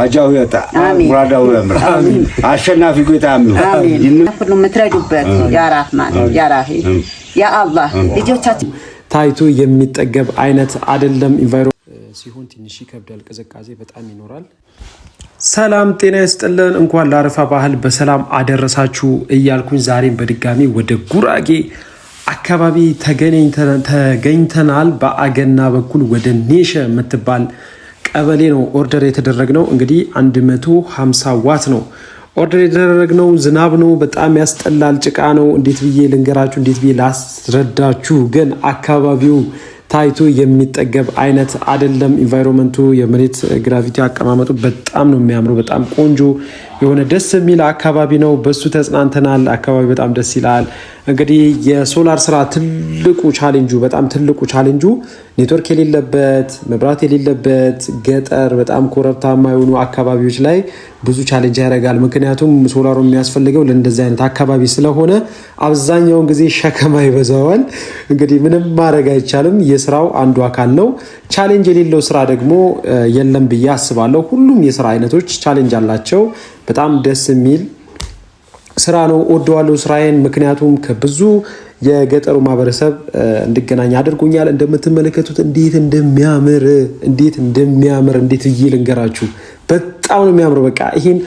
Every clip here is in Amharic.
አጃው ያጣ ሙራዳው ያምራ አሸናፊ ጌታ አምኑ ሁሉ የምትረዱበት ያ ራህማን ያ ራሂም ያ አላህ ልጆቻችን ታይቶ የሚጠገብ አይነት አይደለም። ኢንቫይሮ ሲሆን ትንሽ ይከብዳል፣ ቅዝቃዜ በጣም ይኖራል። ሰላም ጤና ይስጥልን። እንኳን ለአረፋ ባህል በሰላም አደረሳችሁ እያልኩኝ ዛሬም በድጋሚ ወደ ጉራጌ አካባቢ ተገኝተናል። በአገና በኩል ወደ ኔሸ የምትባል ቀበሌ ነው ኦርደር የተደረግነው። እንግዲህ 150 ዋት ነው ኦርደር የተደረግነው። ዝናብ ነው፣ በጣም ያስጠላል፣ ጭቃ ነው። እንዴት ብዬ ልንገራችሁ? እንዴት ብዬ ላስረዳችሁ? ግን አካባቢው ታይቶ የሚጠገብ አይነት አይደለም። ኢንቫይሮንመንቱ የመሬት ግራቪቲ አቀማመጡ በጣም ነው የሚያምረው። በጣም ቆንጆ የሆነ ደስ የሚል አካባቢ ነው። በሱ ተጽናንተናል። አካባቢ በጣም ደስ ይላል። እንግዲህ የሶላር ስራ ትልቁ ቻሌንጁ በጣም ትልቁ ቻሌንጁ ኔትወርክ የሌለበት መብራት የሌለበት ገጠር በጣም ኮረብታማ የሆኑ አካባቢዎች ላይ ብዙ ቻሌንጅ ያደርጋል። ምክንያቱም ሶላሩ የሚያስፈልገው ለእንደዚህ አይነት አካባቢ ስለሆነ አብዛኛውን ጊዜ ሸከማ ይበዛዋል። እንግዲህ ምንም ማድረግ አይቻልም። የስራው አንዱ አካል ነው። ቻሌንጅ የሌለው ስራ ደግሞ የለም ብዬ አስባለሁ። ሁሉም የስራ አይነቶች ቻሌንጅ አላቸው። በጣም ደስ የሚል ስራ ነው። ወደዋለሁ ስራዬን። ምክንያቱም ከብዙ የገጠሩ ማህበረሰብ እንድገናኝ አድርጎኛል። እንደምትመለከቱት እንዴት እንደሚያምር እንዴት እንደሚያምር እንዴት ብዬ ልንገራችሁ በጣም ነው የሚያምረው። በቃ ይህን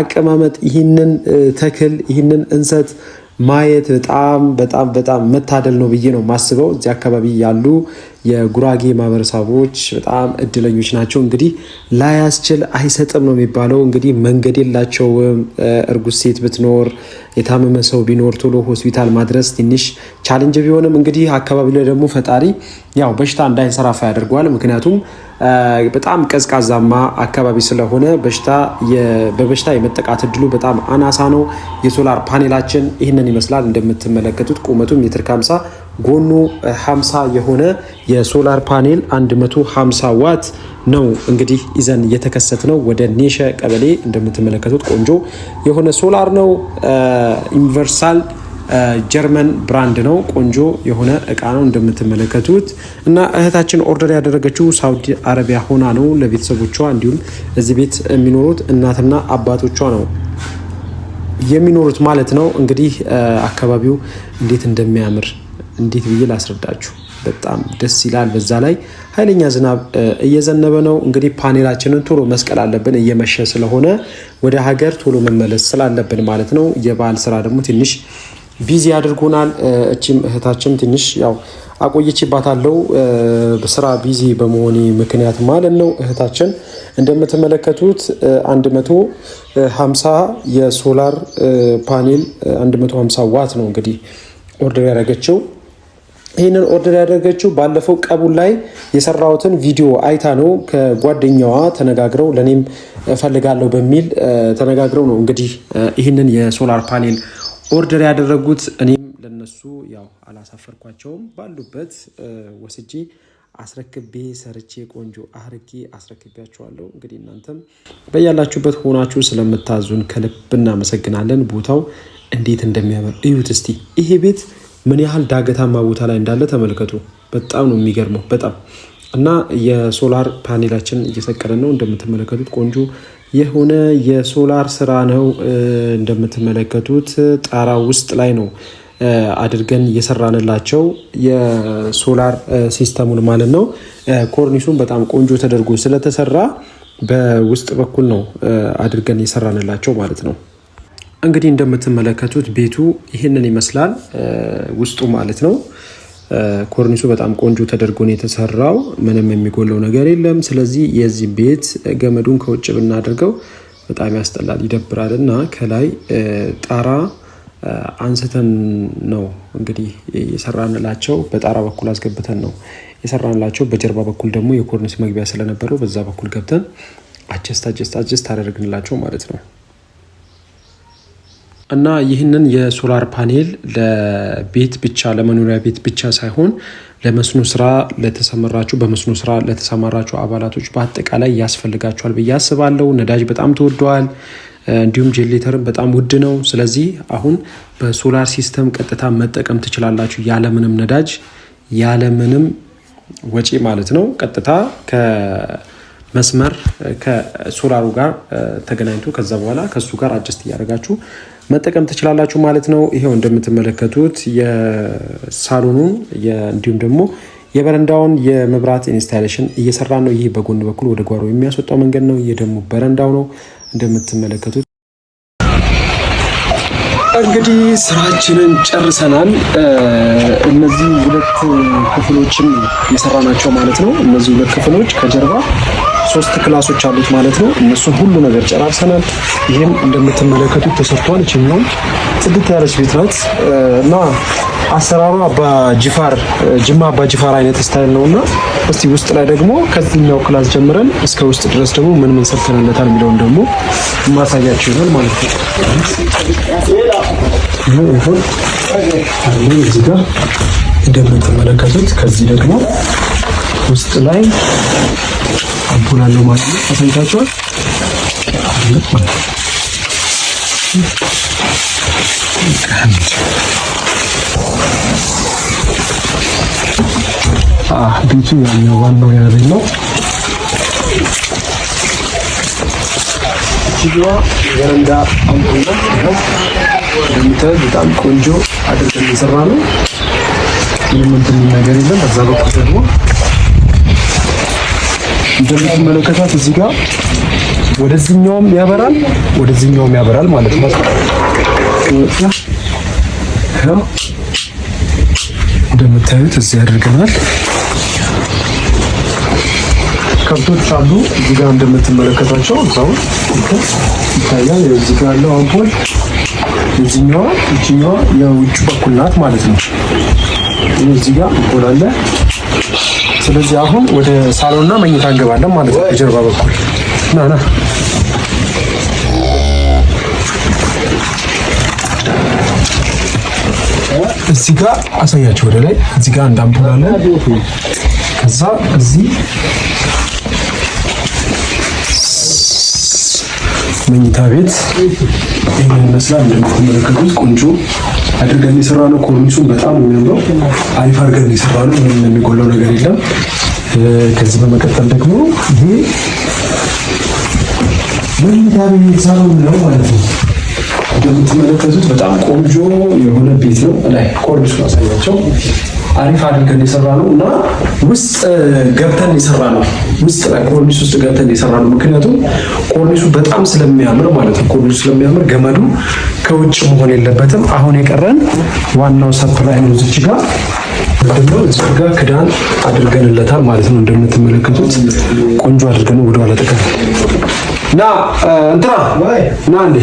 አቀማመጥ ይህንን ተክል ይህንን እንሰት ማየት በጣም በጣም በጣም መታደል ነው ብዬ ነው የማስበው። እዚህ አካባቢ ያሉ የጉራጌ ማህበረሰቦች በጣም እድለኞች ናቸው። እንግዲህ ላያስችል አይሰጥም ነው የሚባለው። እንግዲህ መንገድ የላቸውም። እርጉዝ ሴት ብትኖር፣ የታመመ ሰው ቢኖር ቶሎ ሆስፒታል ማድረስ ትንሽ ቻሌንጅ ቢሆንም እንግዲህ አካባቢ ላይ ደግሞ ፈጣሪ ያው በሽታ እንዳይንሰራፋ ያደርገዋል። ምክንያቱም በጣም ቀዝቃዛማ አካባቢ ስለሆነ በበሽታ የመጠቃት እድሉ በጣም አናሳ ነው። የሶላር ፓኔላችን ይህንን ይመስላል እንደምትመለከቱት ቁመቱ ሜትር ከ ጎኑ 50 የሆነ የሶላር ፓኔል 150 ዋት ነው። እንግዲህ ይዘን እየተከሰት ነው ወደ ኔሸ ቀበሌ እንደምትመለከቱት ቆንጆ የሆነ ሶላር ነው። ዩኒቨርሳል ጀርመን ብራንድ ነው። ቆንጆ የሆነ እቃ ነው እንደምትመለከቱት እና እህታችን ኦርደር ያደረገችው ሳውዲ አረቢያ ሆና ነው ለቤተሰቦቿ እንዲሁም እዚህ ቤት የሚኖሩት እናትና አባቶቿ ነው የሚኖሩት ማለት ነው። እንግዲህ አካባቢው እንዴት እንደሚያምር እንዴት ብዬ ላስረዳችሁ? በጣም ደስ ይላል። በዛ ላይ ኃይለኛ ዝናብ እየዘነበ ነው። እንግዲህ ፓኔላችንን ቶሎ መስቀል አለብን፣ እየመሸ ስለሆነ ወደ ሀገር ቶሎ መመለስ ስላለብን ማለት ነው። የበዓል ስራ ደግሞ ትንሽ ቢዚ አድርጎናል። እችም እህታችን ትንሽ ያው አቆይቼባታለሁ ስራ ቢዚ በመሆኔ ምክንያት ማለት ነው። እህታችን እንደምትመለከቱት 150 የሶላር ፓኔል 150 ዋት ነው እንግዲህ ኦርደር ያደረገችው ይህንን ኦርደር ያደረገችው ባለፈው ቀቡል ላይ የሰራሁትን ቪዲዮ አይታ ነው። ከጓደኛዋ ተነጋግረው ለእኔም እፈልጋለሁ በሚል ተነጋግረው ነው እንግዲህ ይህንን የሶላር ፓኔል ኦርደር ያደረጉት። እኔም ለነሱ ያው አላሳፈርኳቸውም። ባሉበት ወስጄ አስረክቤ ሰርቼ ቆንጆ አርጌ አስረክቢያቸዋለሁ። እንግዲህ እናንተም በያላችሁበት ሆናችሁ ስለምታዙን ከልብ እናመሰግናለን። ቦታው እንዴት እንደሚያምር እዩት እስቲ ይሄ ቤት ምን ያህል ዳገታማ ቦታ ላይ እንዳለ ተመልከቱ። በጣም ነው የሚገርመው። በጣም እና የሶላር ፓኔላችን እየሰቀልን ነው እንደምትመለከቱት ቆንጆ የሆነ የሶላር ስራ ነው እንደምትመለከቱት ጣራ ውስጥ ላይ ነው አድርገን እየሰራንላቸው የሶላር ሲስተሙን ማለት ነው። ኮርኒሱን በጣም ቆንጆ ተደርጎ ስለተሰራ በውስጥ በኩል ነው አድርገን እየሰራንላቸው ማለት ነው። እንግዲህ እንደምትመለከቱት ቤቱ ይህንን ይመስላል ውስጡ ማለት ነው። ኮርኒሱ በጣም ቆንጆ ተደርጎ ነው የተሰራው። ምንም የሚጎለው ነገር የለም። ስለዚህ የዚህ ቤት ገመዱን ከውጭ ብናደርገው በጣም ያስጠላል፣ ይደብራል እና ከላይ ጣራ አንስተን ነው እንግዲህ የሰራንላቸው። በጣራ በኩል አስገብተን ነው የሰራንላቸው። በጀርባ በኩል ደግሞ የኮርኒስ መግቢያ ስለነበረው በዛ በኩል ገብተን አጀስት አጀስት አጀስት አደረግንላቸው ማለት ነው። እና ይህንን የሶላር ፓኔል ለቤት ብቻ ለመኖሪያ ቤት ብቻ ሳይሆን ለመስኖ ስራ ለተሰመራችሁ በመስኖ ስራ ለተሰማራችሁ አባላቶች በአጠቃላይ ያስፈልጋቸዋል ብዬ አስባለሁ። ነዳጅ በጣም ተወደዋል፣ እንዲሁም ጄኔሬተርን በጣም ውድ ነው። ስለዚህ አሁን በሶላር ሲስተም ቀጥታ መጠቀም ትችላላችሁ፣ ያለምንም ነዳጅ ያለምንም ወጪ ማለት ነው። ቀጥታ ከመስመር ከሶላሩ ጋር ተገናኝቶ ከዛ በኋላ ከሱ ጋር አጀስት እያደረጋችሁ መጠቀም ትችላላችሁ ማለት ነው። ይሄው እንደምትመለከቱት የሳሎኑን እንዲሁም ደግሞ የበረንዳውን የመብራት ኢንስታሌሽን እየሰራ ነው። ይህ በጎን በኩል ወደ ጓሮ የሚያስወጣው መንገድ ነው። ይህ ደግሞ በረንዳው ነው እንደምትመለከቱት። እንግዲህ ስራችንን ጨርሰናል። እነዚህ ሁለት ክፍሎችን የሰራ ናቸው ማለት ነው። እነዚህ ሁለት ክፍሎች ከጀርባ ሶስት ክላሶች አሉት ማለት ነው። እነሱን ሁሉ ነገር ጨራርሰናል። ይህም እንደምትመለከቱት ተሰርቷል። ችኛውም ጽድት ያለች ቤት ናት እና አሰራሯ አባጅፋር ጅማ አባጅፋር አይነት ስታይል ነው እና እስቲ ውስጥ ላይ ደግሞ ከዚህኛው ክላስ ጀምረን እስከ ውስጥ ድረስ ደግሞ ምን ምን ሰርተንለታል የሚለውን ደግሞ ማሳያቸው ይሆናል ማለት ነው። እዚህ ጋር እንደምትመለከቱት ከዚህ ደግሞ ውስጥ ላይ አቦላለሁ ማለት ነው። ተሰምታችኋል። ቤቱ ያኛው ዋናው ያለኝ ነው። ችግሯ በረንዳ አምፖና በጣም ቆንጆ አድርገን የሰራ ነው። ምንም እንትን ነገር የለም። በዛ በኩል ደግሞ እንደምትመለከታት እዚህ ጋር ወደዚህኛውም ያበራል፣ ወደዚህኛውም ያበራል ማለት ነው። እንደምታዩት እዚህ አድርገናል። ከብቶች አሉ እዚህ ጋር እንደምትመለከታቸው እዛው ይታያል። እዚህ ጋር ያለው አምፖል የዚህኛዋ ይችኛዋ የውጭ በኩል ናት ማለት ነው። እዚህ ጋር አምፖል አለ። ስለዚህ አሁን ወደ ሳሎንና መኝታ እንገባለን ማለት ነው። በጀርባ በኩል ና ና እዚህ ጋር አሳያችሁ ወደ ላይ እዚህ ጋር ከዛ እዚህ መኝታ ቤት ይህን ይመስላል እንደምትመለከቱት ቆንጆ አድርገን የሰራ ነው። ኮሚሱ በጣም የሚያምረው አሪፍ አድርገን የሰራ ነው። ምንም የሚጎለው ነገር የለም። ከዚህ በመቀጠል ደግሞ ይሄ መኝታ ቤት ሳሎን ነው ማለት ነው። እንደምትመለከቱት በጣም ቆንጆ የሆነ ቤት ነው። ላይ ኮርኒሱን አሳያቸው። አሪፍ አድርገን የሰራ ነው እና ውስጥ ገብተን የሰራ ነው። ውስጥ ላይ ኮርኒስ ውስጥ ገብተን የሰራ ነው። ምክንያቱም ኮርኒሱ በጣም ስለሚያምር ማለት ነው። ኮርኒሱ ስለሚያምር ገመዱ ከውጭ መሆን የለበትም። አሁን የቀረን ዋናው ሰፕላይ ነው። እዚች ጋር ምንድነው እዚህ ጋር ክዳን አድርገንለታል ማለት ነው። እንደምትመለከቱት ቆንጆ አድርገን ወደኋላ ጠቀም እና እንትና ና እንዴ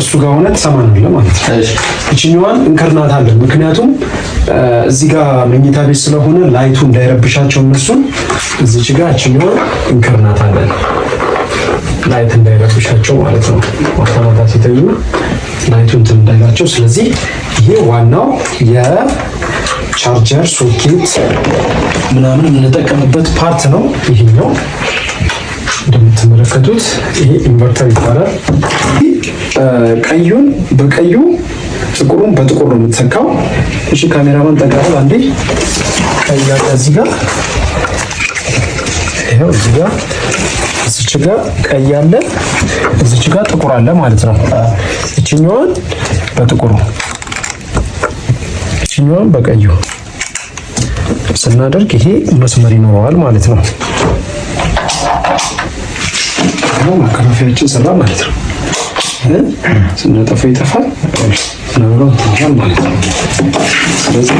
እሱ ጋር ሆነ ትሰማናለ ማለት ነው። እችኛዋን እንከርናታለን። ምክንያቱም እዚህ ጋር መኝታ ቤት ስለሆነ ላይቱ እንዳይረብሻቸው እነሱን እዚች ጋር እችኛዋን እንከርናታለን። ላይት እንዳይረብሻቸው ማለት ነው። ማታ ማታ ሲተኙ ላይቱ እንትን እንዳይላቸው። ስለዚህ ይሄ ዋናው የቻርጀር ሶኬት ምናምን የምንጠቀምበት ፓርት ነው ይሄኛው እንደምትመለከቱት ይሄ ኢንቨርተር ይባላል። ቀዩን በቀዩ ጥቁሩን በጥቁር ነው የምትሰካው። እሺ ካሜራማን ጠቃል አንዴ ቀይ ያለ እዚህ ጋር ይሄው እዚህ ጋር እዚች ጋር ቀይ ያለ እዚች ጋር ጥቁር አለ ማለት ነው። እችኛዋን በጥቁሩ እችኛዋን በቀዩ ስናደርግ ይሄ መስመር ይኖረዋል ማለት ነው። ደግሞ ማከፋፊያችን ሰራ ማለት ነው። ስናጠፋ ይጠፋል ነብረው ይጠፋል ማለት ነው። ስለዚህ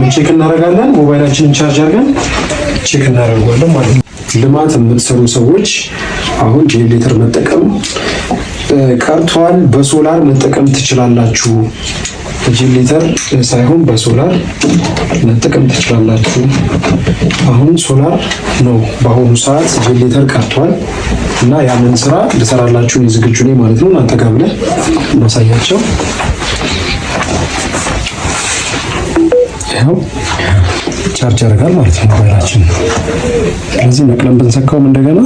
ምን ቼክ እናደርጋለን? ሞባይላችንን ቻርጅ አድርገን ቼክ እናደርገዋለን ማለት ነው። ልማት የምትሰሩ ሰዎች አሁን ጄኔሬተር መጠቀም ቀርቷል። በሶላር መጠቀም ትችላላችሁ። በጄኔሬተር ሳይሆን በሶላር መጠቀም ትችላላችሁ። አሁን ሶላር ነው በአሁኑ ሰዓት ጄኔሬተር ቀርቷል እና ያንን ስራ ልሰራላችሁ ዝግጁ ነኝ ማለት ነው። እናንተ ጋር ብለህ እናሳያቸው። ይኸው ቻርጅ ያደርጋል ማለት ነው ሞባይላችን። ስለዚህ ነቅለን ብንሰካውም እንደገና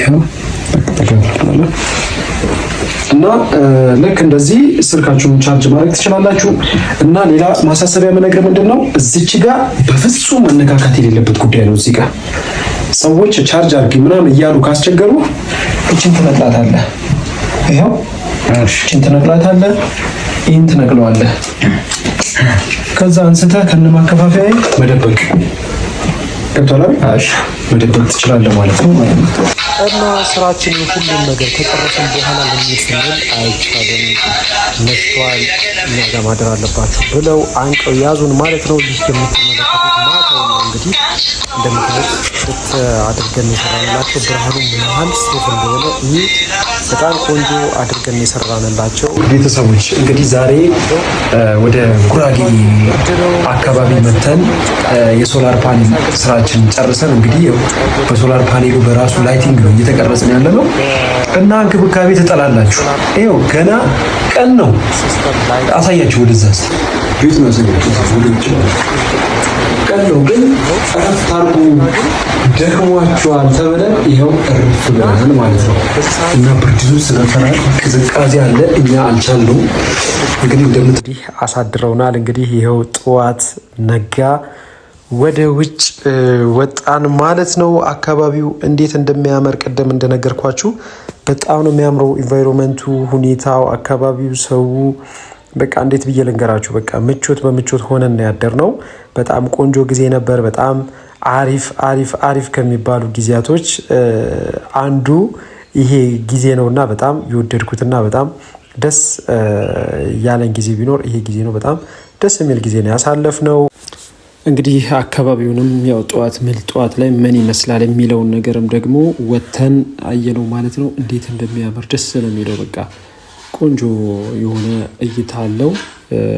ይኸው ጠቅጠቅ ያደርጋል። እና ልክ እንደዚህ ስልካችሁን ቻርጅ ማድረግ ትችላላችሁ። እና ሌላ ማሳሰቢያ መነገር ምንድን ነው እዚች ጋር በፍጹም መነካካት የሌለበት ጉዳይ ነው። እዚህ ጋር ሰዎች ቻርጅ አድርጊ ምናምን እያሉ ካስቸገሩ እችን ትነቅላታለህ። ይኸው እችን ትነቅላታለህ። ይህን ትነቅለዋለህ። ከዛ አንስተህ ከነማከፋፈያ መደበቅ ገብቷል። መደበቅ ትችላለህ ማለት ነው ማለት ነው እና ስራችን ሁሉም ነገር ከጨረስን በኋላ ልንሄድ ስንል አይቻልም፣ መሽቷል፣ እኛ ጋር ማደር አለባችሁ ብለው አንቀው ያዙን ማለት ነው። ይህ የምትመለከ ማታው ነው እንግዲህ እንደምታዩት አድርገን የሰራንላቸው ብርሃኑ ምን ያህል ሴፍ እንደሆነ ይህ በጣም ቆንጆ አድርገን የሰራንላቸው ቤተሰቦች እንግዲህ ዛሬ ወደ ጉራጌ አካባቢ መተን የሶላር ፓኔል ስራችን ጨርሰን እንግዲህ በሶላር ፓኔሉ በራሱ ላይቲንግ ነው እየተቀረጽን ያለ ነው እና እንክብካቤ ትጠላላችሁ። ይኸው ገና ቀን ነው። አሳያችሁ ወደዛ ቤት ነው ያዘጋጁት። ወደውጭ ቀለው ግን እረፍት አድርጉ ደክሟቸዋል ተብለን ይኸው እረፍት ብለናል ማለት ነው። እና ብርድዙ ስለፈራ ቅዝቃዜ አለ እኛ አልቻልነው። እንግዲህ እንደምትዲህ አሳድረውናል። እንግዲህ ይኸው ጥዋት ነጋ ወደ ውጭ ወጣን ማለት ነው። አካባቢው እንዴት እንደሚያምር ቅድም እንደነገርኳችሁ በጣም ነው የሚያምረው። ኢንቫይሮንመንቱ፣ ሁኔታው፣ አካባቢው፣ ሰው በቃ እንዴት ብዬ ልንገራችሁ፣ በቃ ምቾት በምቾት ሆነን ያደር ነው። በጣም ቆንጆ ጊዜ ነበር። በጣም አሪፍ አሪፍ አሪፍ ከሚባሉ ጊዜያቶች አንዱ ይሄ ጊዜ ነው እና በጣም የወደድኩትና በጣም ደስ ያለን ጊዜ ቢኖር ይሄ ጊዜ ነው። በጣም ደስ የሚል ጊዜ ነው ያሳለፍ ነው። እንግዲህ አካባቢውንም ያው ጠዋት ምል ጠዋት ላይ ምን ይመስላል የሚለውን ነገርም ደግሞ ወተን አየነው ማለት ነው። እንዴት እንደሚያምር ደስ ነው የሚለው በቃ ቆንጆ የሆነ እይታ አለው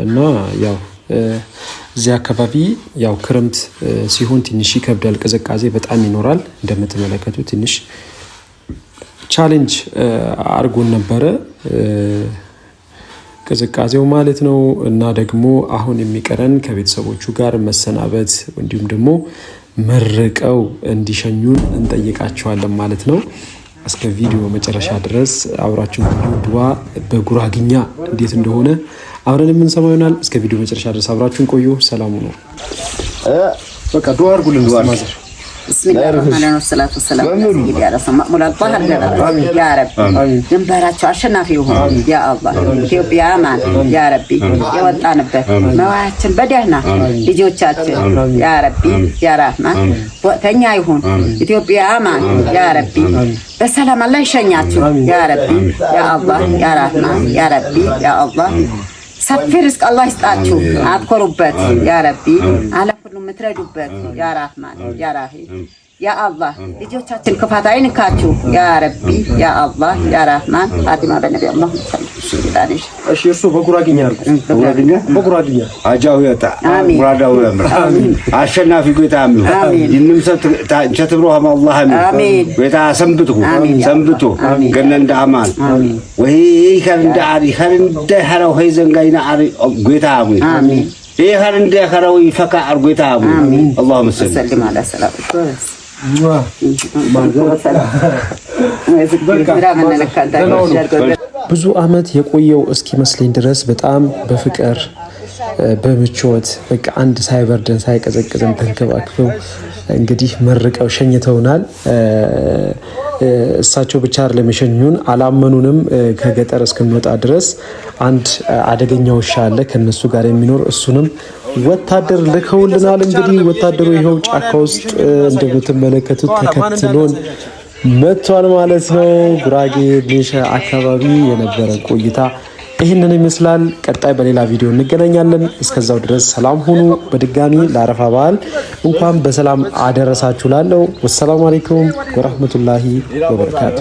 እና ያው እዚህ አካባቢ ያው ክረምት ሲሆን ትንሽ ይከብዳል። ቅዝቃዜ በጣም ይኖራል። እንደምትመለከቱ ትንሽ ቻሌንጅ አድርጎን ነበረ ቅዝቃዜው ማለት ነው። እና ደግሞ አሁን የሚቀረን ከቤተሰቦቹ ጋር መሰናበት እንዲሁም ደግሞ መርቀው እንዲሸኙን እንጠይቃቸዋለን ማለት ነው። እስከ ቪዲዮ መጨረሻ ድረስ አብራችሁ ድዋ በጉራግኛ እንዴት እንደሆነ አብረን የምንሰማ ይሆናል። እስከ ቪዲዮ መጨረሻ ድረስ አብራችሁን ቆዩ። ሰላሙ ነው። በቃ ድዋ አድርጉልን። ድንበራቸው አሸናፊ ይሁን። ያ አላህ ኢትዮጵያ አማን ያ ረቢ፣ የወጣንበት መዋያችን በደህና ልጆቻችን ያ ረቢ ያ ራህማን ወተኛ ይሁን። ኢትዮጵያ አማን ያ ረቢ፣ በሰላም አላህ ይሸኛችሁ ያ ረቢ ያ አላህ ያ ራህማን ያ ረቢ ያ አላህ ሰፊ ርስቅ አላህ ይስጣችሁ፣ አትኮሩበት ያ ረቢ አለ ሁሉ የምትረዱበት ያ ራህማን ያ ያ አላህ ልጆቻችን ክፋት አይንካችሁ ያ ረቢ ያ አላህ ያ ራህማን ፋቲማ በነቢ አላህ እሺ እርሱ በጉራግኛ አድርጉ። በጉራግኛ በጉራግኛ አጃው ያታ ሙራዳው ያምራ አሸናፊ ጌታ አሚው ይንምሰት ታንቸት ብሮ አማላህ አሚን ጌታ ሰንብቱ ሰንብቱ ገነን ዳማን ወይ ከንዳ አሪ ከንዳ ሐራው ሄዘንጋይና አሪ ጌታ አሚን አሚን ይሄ ከንዳ ሐራው ይፈካ አር ጌታ አሚን اللهم صل على سلام بارك الله ብዙ አመት የቆየው እስኪመስለኝ ድረስ በጣም በፍቅር በምቾት በቃ አንድ ሳይበርደን ሳይቀዘቅዘን ተንከባክበው እንግዲህ መርቀው ሸኝተውናል። እሳቸው ብቻ አይደለም የሸኙን፣ አላመኑንም። ከገጠር እስክንወጣ ድረስ አንድ አደገኛ ውሻ አለ ከነሱ ጋር የሚኖር እሱንም ወታደር ልከውልናል። እንግዲህ ወታደሩ ይኸው ጫካ ውስጥ እንደምትመለከቱት ተከትሎን መጥቷል ማለት ነው። ጉራጌ ሜሸ አካባቢ የነበረ ቆይታ ይህንን ይመስላል። ቀጣይ በሌላ ቪዲዮ እንገናኛለን። እስከዛው ድረስ ሰላም ሁኑ። በድጋሚ ለአረፋ በዓል እንኳን በሰላም አደረሳችሁ ላለው ወሰላሙ አሌይኩም ወረህመቱላሂ ወበረካቱ።